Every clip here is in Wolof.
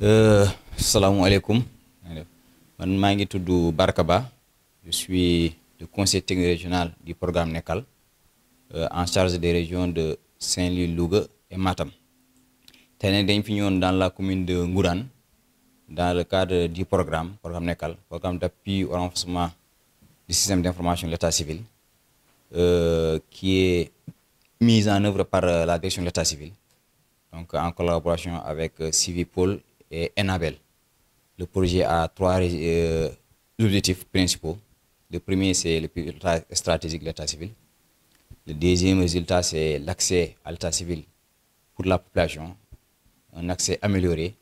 Euh, Salam alaikum, je suis le conseiller régional du programme NECAL, euh, en charge des régions de Saint-Louis lougue et Matam Je suis dans la commune de Ngourane dans le cadre du programme programme programme d'appui au renforcement du système d'information de l'état civil euh, qui est mis en œuvre par la direction de l'état civil donc en collaboration avec Civipol et Enabel. Le projet a trois euh, objectifs principaux. Le premier, c'est le pilotage stratégique de l'état civil. Le deuxième résultat, c'est l'accès à l'état civil pour la population, un accès amélioré.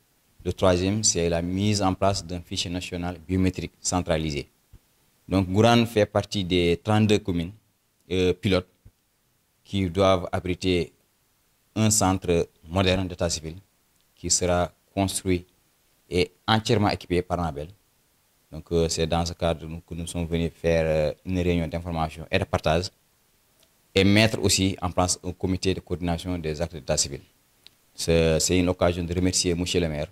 Le troisième, c'est la mise en place d'un fichier national biométrique centralisé. Donc, Gouran fait partie des 32 communes euh, pilotes qui doivent abriter un centre moderne d'état civil qui sera construit et entièrement équipé par Nabel. Donc euh, c'est dans ce cadre que nous sommes venus faire euh, une réunion d'information et de partage et mettre aussi en place un comité de coordination des actes d'état civil. C'est une occasion de remercier M. le maire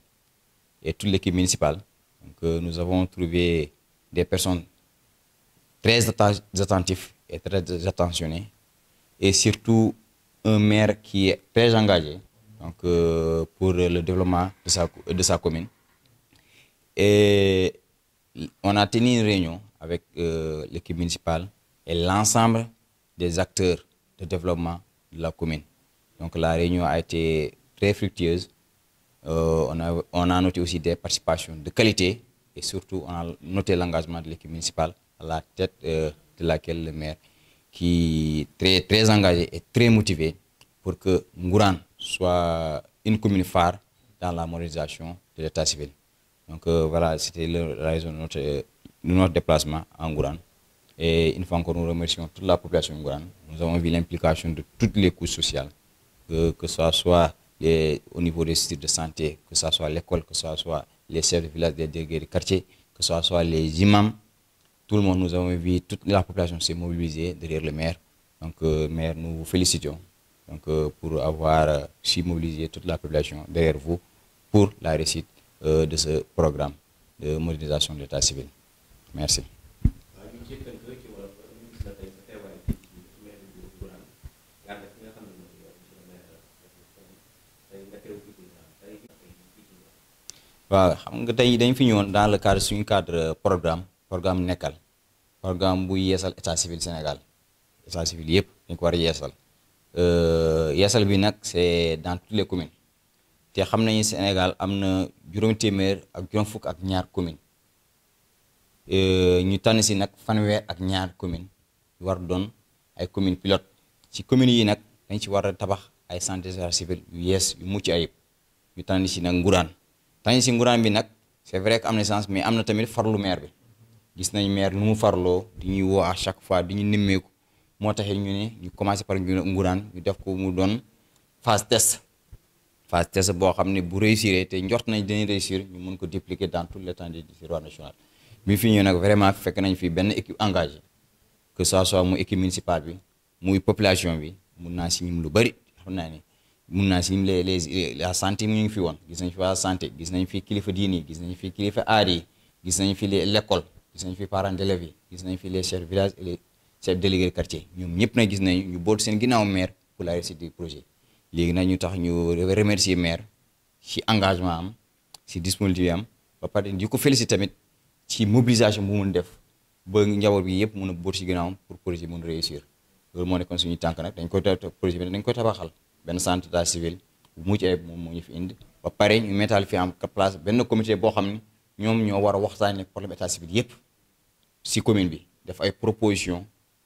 et toute l'équipe municipale. Donc, euh, nous avons trouvé des personnes très attentives et très attentionnées et surtout un maire qui est très engagé donc, euh, pour le développement de sa, commune. Et on a tenu une réunion avec euh, l'équipe municipale et l'ensemble des acteurs de développement de la commune. Donc la réunion a été très fructueuse. Euh, on, a, on, a, noté aussi des participations de qualité et surtout on a noté l'engagement de l'équipe municipale à la tête de laquelle le maire qui est très, très engagé et très motivé pour que Ngouran soit une commune phare dans la modernisation de l'état civil. Donc euh, voilà, c'était la raison de notre, déplacement en Gouran. Et une fois encore, nous remercions toute la population gourane. Nous avons vu l'implication de toutes les couches sociales, que, ce soit au niveau des sites de santé, que ce soit l'école, que ce soit les chefs de village, des quartiers, de quartier, que ce soit les imams. Tout le monde, nous avons vu, toute la population s'est mobilisée derrière le maire. Donc, euh, maire, nous vous félicitons donc euh, pour avoir euh, mobilisé toute la population derrière vous pour la réussite euh, de ce programme de modernisation de l'état civil merci programme programme programme civil Sénégal civil Euh, yeesal bi nag c'est dans toutes les communes te xam nañu Sénégal am na juróom téeméer ak juróom fukk ak ñaar communes euh, ñu tànn si nag fanweer ak ñaar commune war doon ay communes pilotes ci commune yi nag dañ si war tabax ay centres d'état civil yu yees yu mucc ayib ñu tànn si nag nguraan tànn si nguraan bi nag c'est vrai que am na sens mais am na tamit farlu maire bi gis nañ maire lu mu farloo di ñuy woo à chaque fois di ñu nimmeeku moo taxit ñu ne ñu commencé par ñu nguraan ñu def ko mu doon phase test phase test boo xam ne bu réussir te njort nañ dañuy réussir ñu mën ko dupliquer dans tout l'étendue du territoire national bi fi ñëw nag vraiment fekk nañ fi benn équipe engagé que ça soit mu équipe municipale bi muy population bi mun naa si ñum lu bëri xam naa ni mun naa si ñum les les la santé mu ñu ngi fi woon gis nañ fi waa santé gis nañ fi kilifa diini gis nañ fi kilifa aada yi gis nañ fi l'école gis nañ fi parents d'élèves yi gis nañ fi les chefs village chef délégué quartier ñoom ñëpp nañ gis nañu ñu boot seen ginnaaw maire pour la réussite du projet léegi nag ñu tax ñu remercier maire ci engagement am ci disponibilité am ba pare di ko féliciter tamit ci mobilisation bu mun def ba njaboot bi yëpp mun a boot ci ginnaawam pour projet mun réussir loolu moo nekkoon suñu tànk nag dañ koy projet bi dañ koy tabaxal benn centre d'état civil bu mucc ayib moom moo ñu fi indi ba pare ñu mettal fi am place benn comité boo xam ne ñoom ñoo war a waxtaanee problème état civil yëpp ci commune bi def ay proposition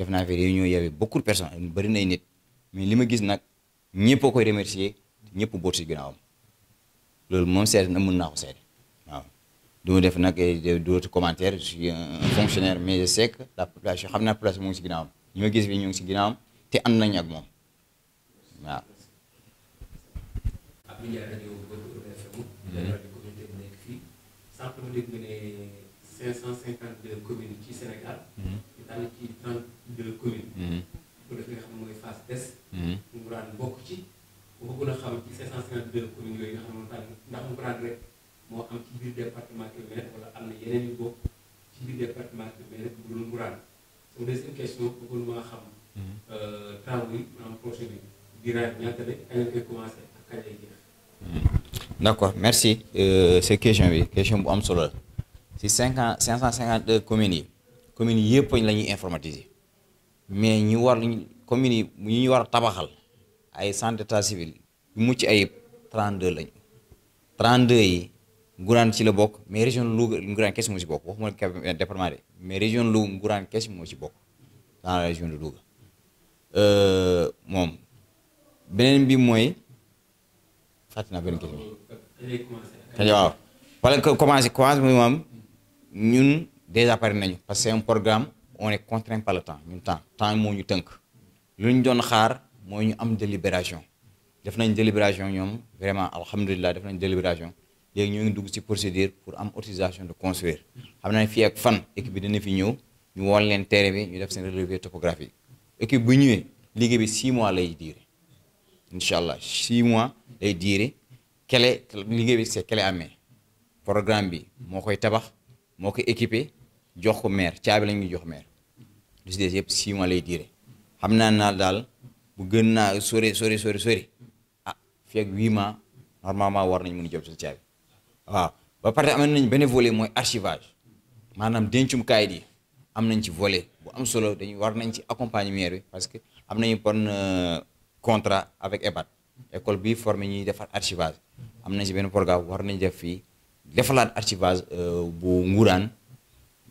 def naa réunion y avait beaucoup de personnes bëri nay nit mais li gis nag ñëpp koy remercier ñëpp boot si ginnaawam loolu na ko waaw def eh, d'autres commentaires je suis un fonctionnaire mais je sais que la population xam place mu ngi si ginnaawam gis ñu ngi te ak waaw communauté dégg ne 552 Mmh. D'accord, merci. Euh, c'est question oui question bu am solo communes communes yi yëpp la ñuy informatiser mais ñu war communes yi ñu ñu war a tabaxal ay centre d'état civil yu mucc ayib 32 lañu 32 yi Ngourane ci la bokk mais région Louga Ngourane kese moo ci bokk waxuma la euh, département de mais région Louga Ngourane kese moo ci bokk dans la région de Louga euh, moom beneen bi mooy fàtte naa benn question. waaw wala moom ñun. déjà parce que c'est un programme on est contraint par le temps Le temps temps moo ñu tënk ñu doon xaar mooy ñu am délibération def nañ délibération ñom vraiment alhamdoulillah def nañ délibération léegi ñu ngi dugg ci procédure pour am autorisation de construire xam nañ fi ak fan équipe bi dina fi nous ñu woon leen terrain bi ñu def sen relevé topographique équipe bu ñëwee ligue bi six mois lay dire. inshallah 6 six mois lay dire. quelle ligue bi c'est quelle amé programme bi mo koy tabax mo koy équiper jox ko maire caabi lañ ñu jox maire lu si yëpp six mois lay diire xam naa naa daal bu gën naa sore sori sori sori ah fii ak huit mois normalement war nañ mën a jot sa caabi ba pare am nañ benn volet mooy archivage maanaam dencum kaayit yi am nañ ci volet bu am solo dañu war nañ ci accompagner maire bi parce que am nañu bon euh, contrat avec EBAT école bi formé ñuy defar archivage am nañ ci benn programme war nañ def fii defalaat archivage euh, bu nguuraan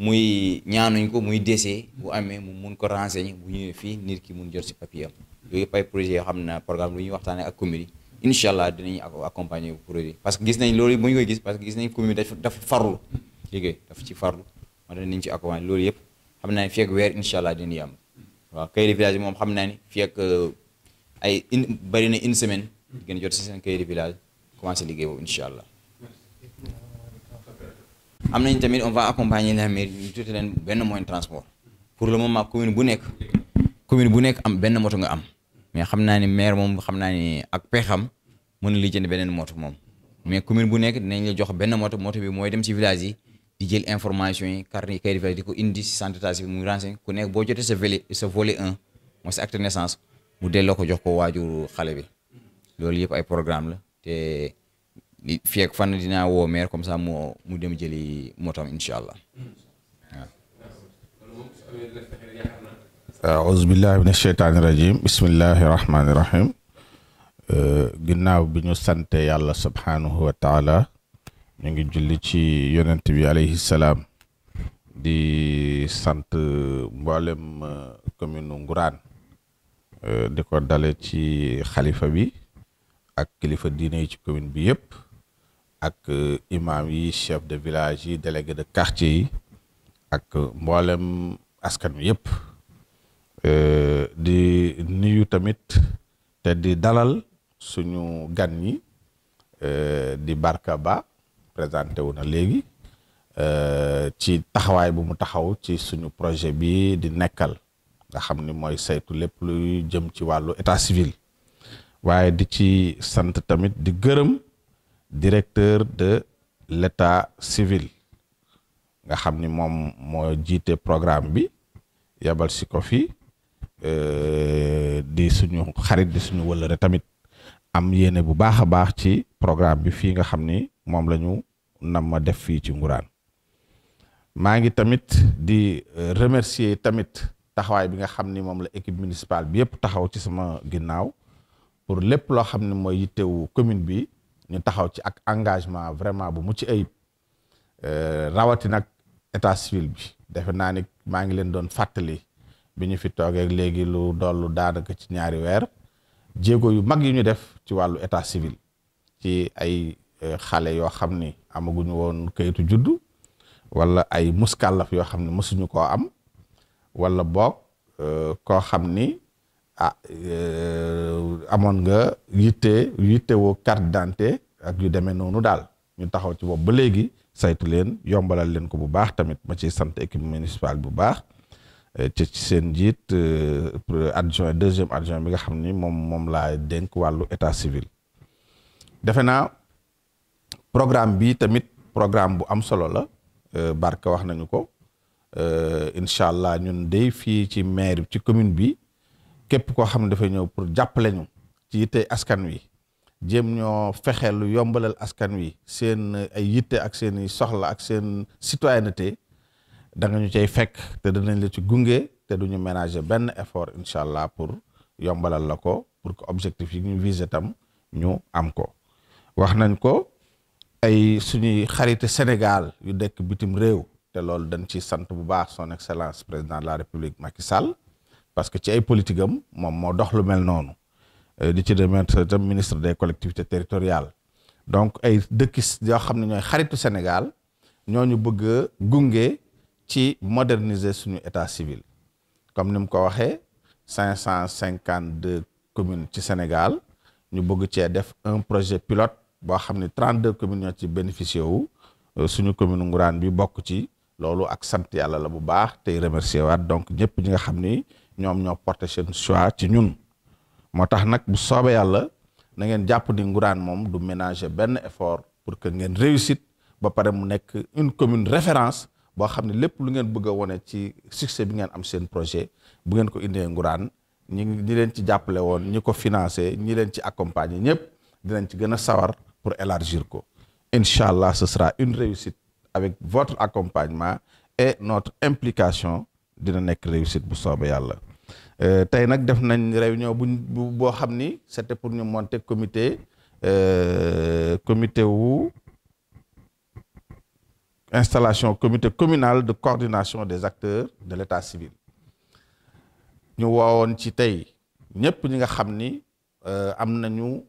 muy ñaanuñ ko muy décès bu amee mu mun ko renseigner bu ñuy fii nit ki mun jot si papier am yooyu yëpp ay projet yoo xam naa programme lu ñuy waxtaanee ak commune yi incha allah dinañu accompagner bu projet parce que gis nañ loolu bu ñu koy gis parce que gis nañ commune dafa dafa farlu liggéey dafa ci farlu moo tax nañ ci accompagner loolu yëpp xam naa ne fii weer incha allah dinañu am waaw cahier de village moom xam naa ni fii ak euh, ay in bëri na une semaine di ngeen jot si seen cahier de village commencé liggéey allah am nañu tamit on va accompagner nga xam ne ñu tuuti leen benn moyen transport pour le moment commune bu nekk commune bu nekk am benn moto nga am mais xam naa ne maire moom xam naa ne ak pexam mën na li jënd beneen moto moom mais commune bu nekk dinañ la jox benn moto moto bi mooy dem ci village yi di jël information yi carnet yi kay di di ko indi ci centre d'état civil ku nekk boo jotee sa volet sa volet un mooy sa acte naissance mu delloo ko jox ko waajur xale bi loolu yëpp ay programme la te. fii ak fan dinaa comme ça mu mu dem jëli motam incha allah waaw auzu billahi min asheytaani rajim bismillahi yàlla subhaanahu wa ñu ngi julli ci yonent bi alayhi salaam di sant mboolem uh, commune Ngourane di dale ci xalifa bi ak kilifa diine yi ci commune bi yëpp ak euh, imam yi chef de village yi délégué de quartier yi ak euh, mboolem askan wi yëpp euh, di nuyu tamit te di dalal suñu gan ñi di Barka Ba présenté wu na léegi ci taxawaay bu mu taxaw ci suñu projet bi di nekkal nga xam ni mooy saytu lépp luy jëm ci wàllu état civil waaye di ci sant tamit di gërëm directeur de l'état civil nga xam ni moom moo jiite programme bi yabal si ko fi euh, di suñu xarit di suñu wëllëre tamit am yéene bu baax a baax ci programme bi fii nga xam ni moom la ñu nam ma def fii ci nguraan maa ngi tamit di euh, remercier tamit taxawaay bi nga xam ni moom la équipe municipale bi yëpp taxaw ci sama ginnaaw pour lépp loo xam ne mooy yittewu commune bi ñu taxaw ci ak engagement vraiment bu mucc ayib euh, rawati nag état civil bi defe naa ni maa ngi leen doon fàttali bi ñu fi toogee léegi lu dollu daanaka ci ñaari weer jéego yu mag yi ñu def ci wàllu état civil ci ay euh, xale yoo xam ni amaguñu woon kayitu juddu wala ay muskàllaf yoo xam ne mësuñu ko am wala boog euh, koo xam ni ah euh, amoon nga yitte yittewoo carte d'identité ak yu demee noonu daal ñu taxaw ci bopp ba léegi saytu leen yombalal leen ko bu baax tamit ma ciy sant équipe municipale bu baax euh, ci seen njiit euh, adjoint deuxième adjoint bi nga xam ni moom moom laa dénk wàllu état civil defe naa programme bi tamit programme bu am solo la Barka wax nañu ko incha allah ñun day fii ci maire ci commune bi képp koo xam ne dafay ñëw pour jàppale ñu ci yitte askan wi jéem ñoo fexe lu yombalal askan wi seen ay yitte ak seeni soxla ak seen citoyenneté da nga ñu cay fekk te danañ la ci gunge te du ñu ménager benn effort incha allah pour yombalal la ko pour que objectif yi ñu visé tam ñu am ko. wax nañ ko ay suñuy xarite Sénégal yu dekk bitim réew te loolu dañ ci sant bu baax son excellence président de la république Macky Sall. parce que ci ay politiquam mom mo dox lu mel noonu euh, di ci remettre tam ministre des collectivités territoriales donc ay dëkkis yo xamni ñoy xaritu Sénégal ñooñu bëgg gungé ci moderniser suñu état civil comme ni ko waxé 552 communes ci Sénégal ñu bëgg ci def un projet pilote boo xamni 32 communes ñoo ci bénéficié wu euh, suñu commune Ngourane bi bok ci lolu ak sant yalla la bu baax tay remercier donc ñëpp ñi nga xamni ñoom ñoo porté seen choix ci ñun moo tax nag bu soobee yàlla na ngeen jàpp ni Ngourane moom du ménager benn effort pour que ngeen réussite ba pare mu nekk une commune référence boo xam ne lépp lu ngeen bëgg a ci succès bi ngeen am seen projet bu ngeen ko indee Ngourane ñi ñi leen ci jàppale woon ñi ko financé ñi leen ci accompagner ñëpp dinañ ci gën sawar pour élargir ko incha allah ce sera une réussite avec votre accompagnement et notre implication dina nekk réussite bu soobee yàlla Euh, tay réunion pour nous monter comité euh, comité installation comité communal de coordination des acteurs de l'état civil Nous avons ci euh,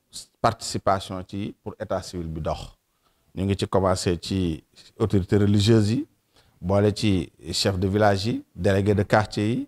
participation pour état civil bi dox commencé autorités chef de village délégué de quartier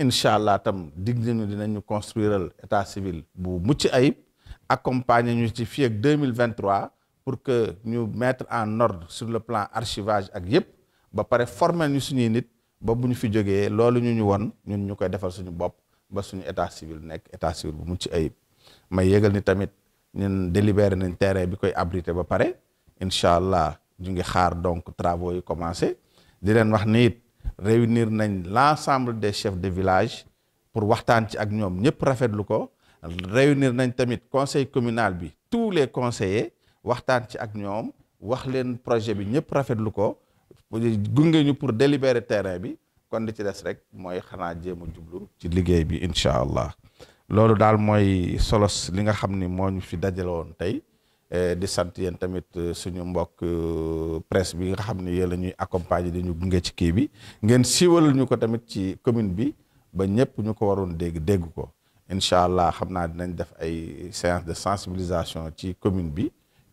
Inshallah, nous tam construire civil bu mucc ayib accompagner ñu ci pour que nous mettre en ordre sur le plan archivage ak yëpp ba paré former ñu nous nit ba bu fi joggé nous ñu ñu won ñun ñukoy état civil nek état civil bu mucc ayib may yégal ni tamit nous délibérer nañ terrain donc travaux commencé réunir nañ l'ensemble des chef de village pour waxtaan ci ak ñoom ñëpp rafetlu ko réunir nañ tamit conseil communal bi tous les conseillers waxtaan ci ak ñoom wax leen projet bi ñëpp rafetlu ko gunge ñu pour délibérer terrain bi kon di ci des rek mooy xanaa jéem a jublu ci liggéey bi incha allah loolu daal mooy solos li nga xam ni moo ñu fi dajale woon tey Eh, di sant yéen tamit eh, suñu mbokk eh, presse bi nga xam ne yéen lañuy ñuy accompagner dañu gunge ci kii bi ngeen siiwalal ñu ko tamit ci commune bi ba ñëpp ñu ko waroon dégg dégg ko incha allah xam naa dinañ def ay séance de sensibilisation ci commune bi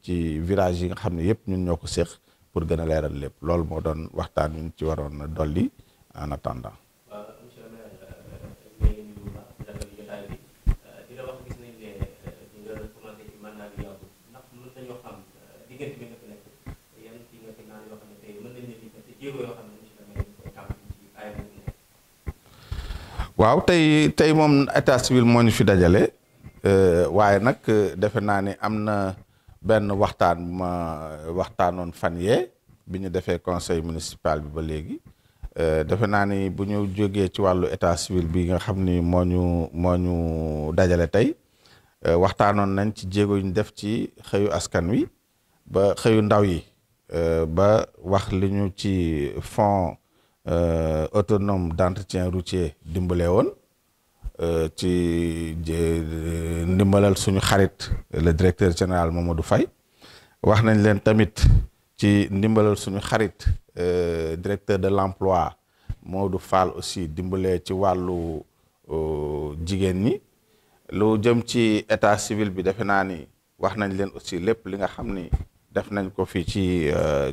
ci village yi nga xam ne yëpp ñun ñoo ko séq pour gën a leeral lépp loolu moo doon waxtaan wi ñu ci waroon na dolli en attendant. waaw tey tey moom état civil moo ñu fi dajale euh, waaye nag euh, defe naa ni am na benn waxtaan ma waxtaanoon fan yee bi ñu defee conseil municipal bi ba léegi euh, defe naa ni bu ñu jógee ci wàllu état civil bi nga xam ni moo ñu moo ñu dajale tey waxtaanoon nañ ci jéego ñu def ci xëyu askan wi ba xëyu ndaw yi ba wax li ñu ci fonds Euh, autonome d'entretien routier dimbalee woon euh, ci euh, ndimbalal suñu xarit le directeur général du fay wax nañ leen tamit ci ndimbalal suñu xarit directeur de l'emploi du Fall aussi dimbalee ci wàllu jigéen ñi lu jëm ci état civil bi defe naa ni wax nañ leen aussi lépp li nga xam ni def nañ ko fii ci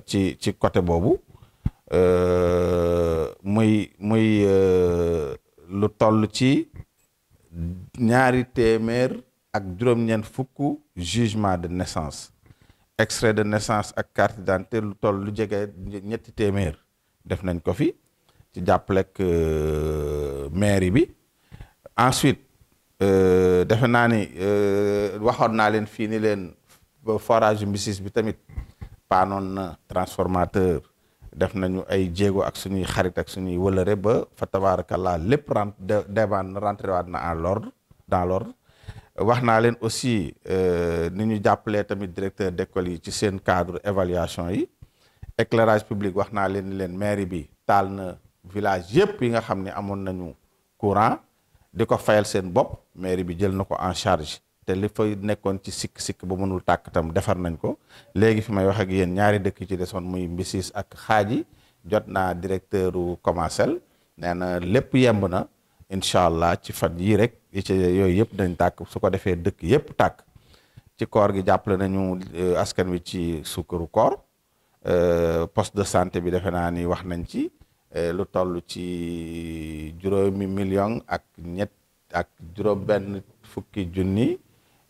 ci ci côté boobu moy euh, muy euh, lu toll ci ñaari témèr ak juróom ñen fukku jugement de naissance extrait de naissance ak carte d'identité lu toll lu jege ñetti témèr def nañ ko fi ci euh, mairie bi ensuite defe naa ni waxon na len fi ni leen forage Mbisis bi tamit paanoon transformateur def nañu ay jéego ak suñuy xarit ak suñuy wëlëre ba fa tabaarakallaa lépp rent devan rentré waat na en l'ordre dans l'ordre wax naa leen aussi euh, ni ñu jàppale tamit directeur d'école yi ci seen cadre évaluation yi éclairage public wax naa leen leen mairie bi taal na village yëpp yi nga xam ne amoon nañu courant di ko fayal seen bopp mairie bi jël na ko en charge te li fay nekkoon ci sikk-sikk ba mënul tàkk tam defar nañ ko léegi fi may wax ak yéen ñaari dëkk ci desoon muy Mbisis ak Xaaji jot naa directeur u commercial nee na lépp yemb na incha allah ci fan yii rek yi yooyu yëpp dañ tàkk su ko defee dëkk yëpp tàkk ci koor gi jàppale nañu euh, askan wi ci sukkaru koor euh, poste de santé bi defe naa ni wax nañ ci euh, lu toll ci juróomi million ak ñett ak juróom benn fukki junni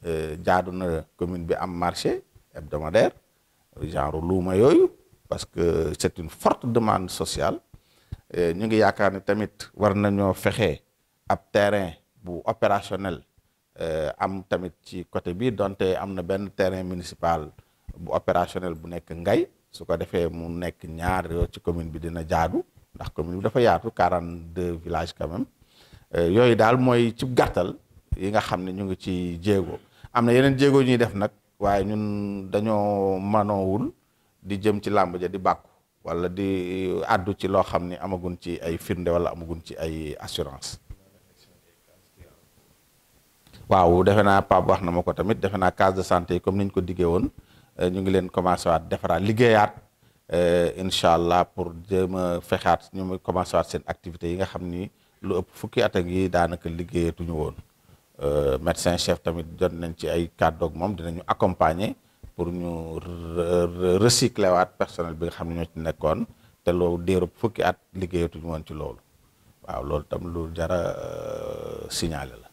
Euh, jaadu na commune bi am marché hebdomadaire genre luuma yooyu parce que c'est une forte demande sociale euh, ñu ngi yaakaar ni tamit war nañoo fexe ab terrain bu opérationnel euh, am tamit ci côté bi donte am na benn terrain municipal bu opérationnel bu nekk Ngay su ko defee mu nekk ñaar yoo ci commune bi dina jaadu ndax commune bi dafa yaatu 42 villages quand même yooyu daal mooy ci gàttal yi nga xam ne ñu ngi ci jéego. am na yeneen jéego ñuy def nag waaye ñun dañoo manowul di jëm ci làmbaje di bàkku wala di àddu ci loo xam ni amagun ci ay firnde wala amagun ci ay assurance waaw defe naa Pape wax na ma ko tamit defe naa case de santé comme niñ ko diggee woon eh, ñu ngi leen commencé waat defaraat liggéeyaat eh, incha allah pour jéem a fexaat ñu commencé waat seen activités yi nga xam ni lu ëpp fukki at ak daanaka liggéeyatuñu woon Euh, médecin chef tamit jot nañ ci ay kàddoog moom dinañu accompagner pour ñu recycler waat personnel bi nga xam ne ñoo ci nekkoon te loolu déeru fukki at liggéeyatuñu woon ci loolu waaw loolu tam lu jara euh, signaler la